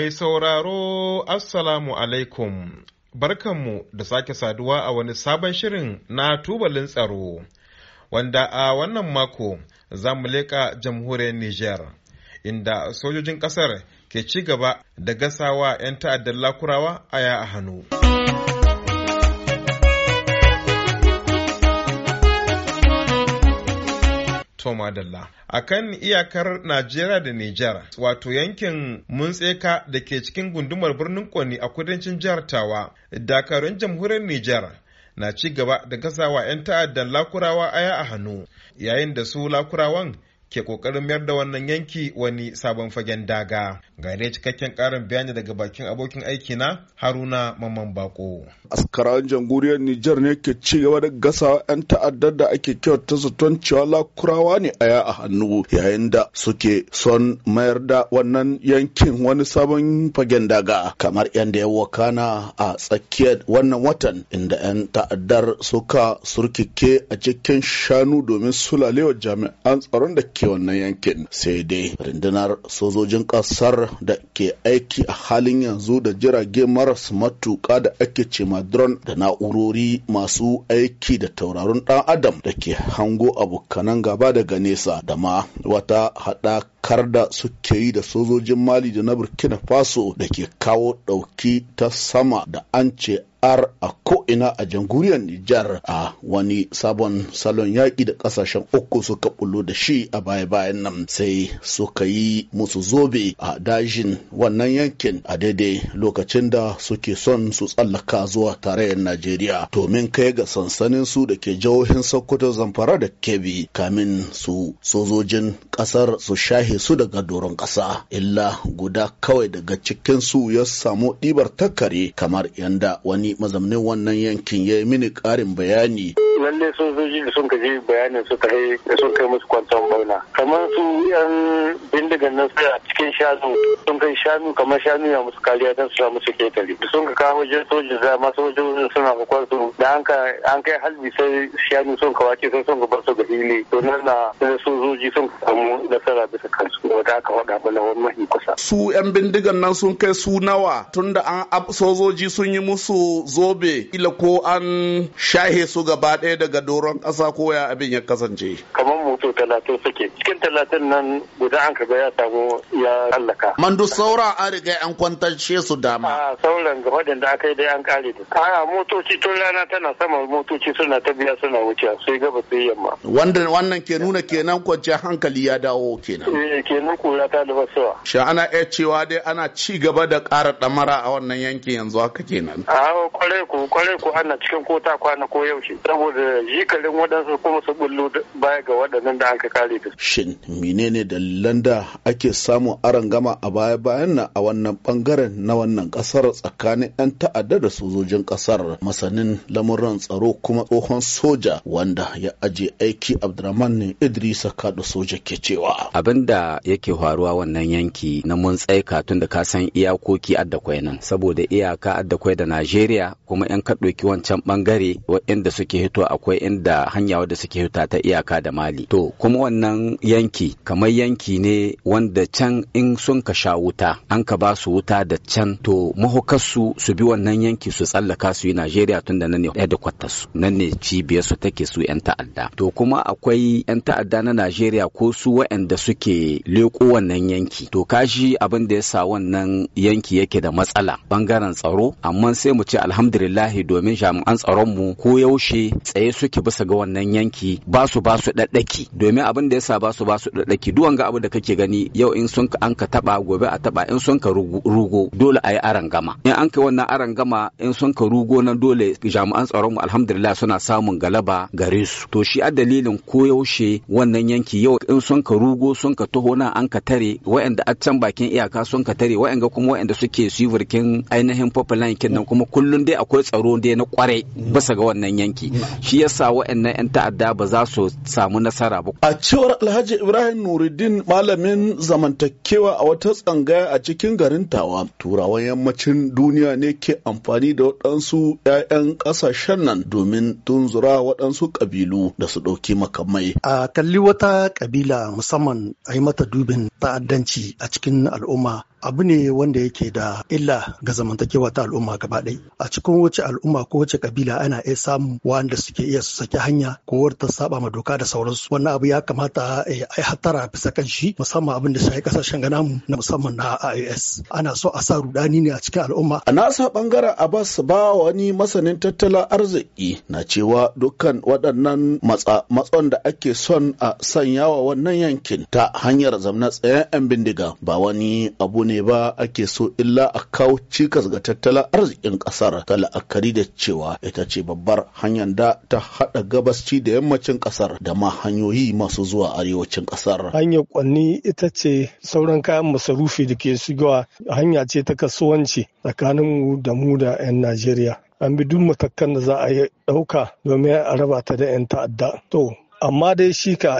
Mai sauraro Assalamu alaikum, barkanmu da sake saduwa a wani sabon shirin na tubalin tsaro, wanda a wannan mako za mu leƙa jamhuriyar Nijar, inda sojojin ƙasar ke ci gaba da gasawa 'yan ta'addar lakurawa aya a hannu. Toma Dalla. A kan iyakar Najeriya da Nijar, wato yankin Muntseka da ke cikin gundumar birnin Kwani a kudancin jihar Tawa, dakarun jamhuriyar Nijar na ci gaba da gasawa 'yan ta'addan Lakurawa aya a hannu, yayin da su Lakurawan ke kokarin mayar da wannan yanki wani sabon fagen daga ga dai cikakken karin bayani daga bakin abokin aiki na haruna mamman bako Askaran jamhuriyar nijar ne ke ci gaba da gasawa yan ta'addar da ake kyauta zaton cewa lakurawa ne a a hannu yayin da suke son mayar da wannan yankin wani sabon fagen daga kamar yan da ya wakana a tsakiyar wannan watan inda yan ta'addar suka surkike a cikin shanu domin sulalewa jami'an tsaron da ke wannan yankin sai dai rundunar sojojin kasar da ke aiki a halin yanzu da jirage maras matuka da ake ce ma drone da na'urori masu aiki da tauraron dan adam da ke hango abokanan gaba daga nesa da ma wata haɗakar kar da suke yi da sojojin mali da na burkina faso da ke kawo ɗauki ta sama da an ce ar a ko'ina a jamhuriyar Nijar a wani sabon salon yaƙi da ƙasashen uku suka bullo da shi a baya-bayan nan sai suka yi musu zobe a dajin wannan yankin a daidai lokacin da suke son su tsallaka zuwa tarayyar Najeriya domin kai ga sansanin su da ke jihohin Sokoto Zamfara da Kebbi kamin su sojojin ƙasar su shahe su daga doron ƙasa illa guda kawai daga cikin su ya samu ɗibar takare kamar yanda wani Sani mazamnin wannan yankin ya yi mini ƙarin bayani. Lalle sojoji da sun kaji bayanin su kai da sun kai musu kwanton bauna. Kamar su yan bindigan nan a cikin shanu sun kai shanu kamar shanu ya musu kariya don su musu ketare. Sun ka kawo jirgin sojin za ma sojojin suna bakon su an kai halbi sai shanu sun kawace sun ka bar su ga hili to nan na sojoji sun samu nasara bisa kansu wanda aka faɗa mana wani mahi kusa. su yan bindigan nan sun kai su nawa tunda an sojoji sun yi musu zobe ila ko an shahe su gaba ɗaya daga doron ƙasa ko ya abin ya kasance. talatin suke cikin talatin nan guda an kaga ya samu ya hallaka man saura an riga an kwantashe su dama a sauran ga da aka yi dai an kare da a motoci tun rana tana sama motoci suna ta biya suna wuce sai gaba sai yamma wanda wannan ke nuna kenan kwanciyar hankali ya dawo kenan eh kenan kura ta da basuwa sha ana iya cewa dai ana ci gaba da ƙara ɗamara a wannan yankin yanzu haka kenan a kware ku kware ku ana cikin ko ta kwana ko yaushe saboda jikalin waɗansu kuma su bullo baya ga waɗannan da kare ta. Shin menene dalilan da ake samun gama a baya-bayan nan a wannan bangaren na wannan kasar tsakanin 'yan ta'adda da sojojin kasar masanin lamuran tsaro kuma tsohon soja wanda ya aje aiki Abdurrahman ne Idrisa Kado soja ke cewa. Abin da yake faruwa wannan yanki na mun tsaika tun da ka san iyakoki addakwai nan saboda iyaka addakwai da Najeriya kuma 'yan ka ɗauki wancan bangare wa'inda suke hito akwai inda hanya wadda suke hita ta iyaka da Mali. To kuma wannan yanki kamar yanki ne wanda can in sun ka sha wuta an ka ba su wuta da can to mahukarsu su bi wannan yanki su tsallaka su yi Najeriya tun da nan ne headquarters nan ne cibiyar su take su yan ta'adda to kuma akwai yan ta'adda na Najeriya ko su wa'anda suke leko wannan yanki to kashi abin da ya sa wannan yanki yake da matsala bangaren tsaro amma sai mu ce alhamdulillahi domin jami'an tsaron mu ko yaushe tsaye suke bisa ga wannan yanki ba su ba su ɗaɗɗaki domin abin da yasa ba su ba su daɗaki duwan ga abu da kake gani yau in sun an ka taba gobe a taba in sun ka rugo dole a yi arangama in an kai wannan arangama in sun ka rugo nan dole jami'an tsaron mu alhamdulillah suna samun galaba gare su to shi a dalilin koyaushe wannan yanki yau in sun ka rugo sun ka taho nan an ka tare waɗanda a can bakin iyaka sun ka tare waɗanda kuma wayanda suke suivirkin ainihin pipeline kin nan kuma kullun dai akwai tsaro dai na kwarai mm. bisa ga wannan yanki shi yasa wayannan 'yan ta'adda ba za su samu nasara ba A cewar Alhaji Ibrahim Nuruddin malamin zamantakewa a wata tsangaya a cikin garin Tawa, turawan yammacin duniya ne ke amfani da waɗansu 'ya'yan ƙasashen nan domin tunzura waɗansu ƙabilu da su ɗauki makamai. A kalli wata ƙabila musamman a yi mata dubin ta'addanci a cikin al'umma abu ne wanda yake da illa ga zamantakewa ta al'umma gaba ɗaya a cikin wace al'umma ko wace kabila ana iya samun wanda suke iya su saki hanya ko ta saba ma doka da sauransu wannan abu ya kamata a hatara bisa kan shi musamman abin da shi kasashen mu na musamman na IOS ana so a sa rudani ne a cikin al'umma a nasa bangaren Abbas ba wani masanin tattalin arziki na cewa dukkan waɗannan matsa matsan da ake son a sanya wa wannan yankin ta hanyar zamna tsayen 'yan bindiga ba wani abu ne ba ake so illa a kawo cikas ga tattalin arzikin kasar ta la'akari da cewa ita ce babbar hanyar da ta haɗa gabasci da yammacin kasar da ma hanyoyi masu zuwa arewacin kasar. Hanyar kwanni ita ce sauran kayan masarufi da ke shigowa hanya ce ta kasuwanci tsakaninmu da mu da 'yan Najeriya. An bi duk matakan da za a yi ɗauka domin a raba ta da 'yan ta'adda. To, amma dai shi ka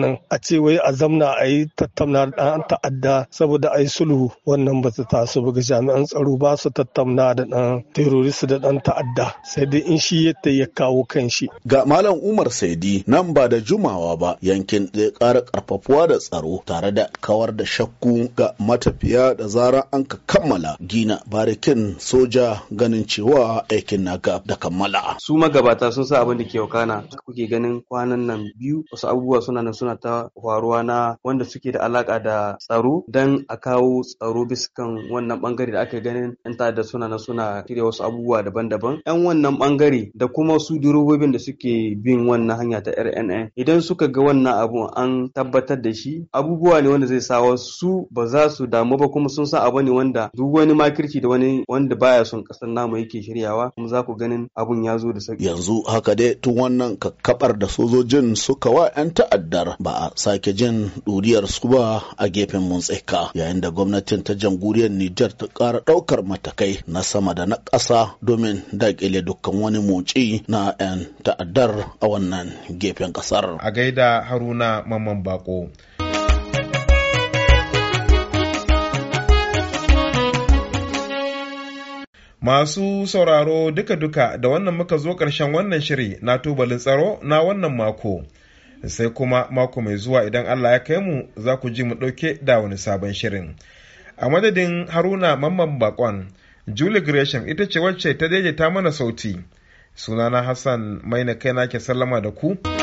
nan, a ce wai a zamna a yi tattauna da ɗan ta'adda saboda ayi sulhu wannan ba ta taso ba ga jami'an tsaro ba su tattauna da ɗan terrorist da ɗan ta'adda sai dai in shi yadda ya kawo kan shi. Ga Malam Umar Saidi nan ba da jumawa ba yankin zai ƙara ƙarfafuwa da tsaro tare da kawar da shakku ga matafiya da zara an ka kammala gina barikin soja ganin cewa aikin na da kammala. Su magabata sun sa abin da ke wakana kuke ganin kwanan nan nan biyu wasu abubuwa suna nan suna ta faruwa na wanda suke da alaka da tsaro dan a kawo tsaro bisa kan wannan bangare da aka ganin yan da suna nan suna shirya wasu abubuwa daban-daban yan wannan bangare da kuma su durobobin da suke bin wannan hanya ta RNN idan suka ga wannan abu an tabbatar da shi abubuwa ne wanda zai sa wasu ba za su damu ba kuma sun san abu ne wanda duk wani makirci da wani wanda baya son kasar namu yake shiryawa kuma za ku ganin abun ya zo da sauki yanzu haka dai tun wannan kakkabar da sojojin ɗin suka wa 'yan ta'addar ba a sake jin ɗuriyar su ba a gefen muntsika yayin da gwamnatin ta jamhuriyar nijar ta ƙara ɗaukar matakai na sama da na ƙasa domin daƙile dukkan wani motsi na 'yan ta'addar a wannan gefen ƙasar a gaida haruna mamman bako Masu sauraro duka-duka da wannan muka zo ƙarshen wannan shiri na tubalin tsaro na wannan mako. Sai kuma mako mai zuwa idan Allah ya kai mu za ku ji mu ɗauke da wani sabon shirin. A madadin Haruna Mamman Bakon, Julie Gresham ita ce wacce ta daidaita mana sauti. Sunana Hassan Maina kai na ke sallama da ku.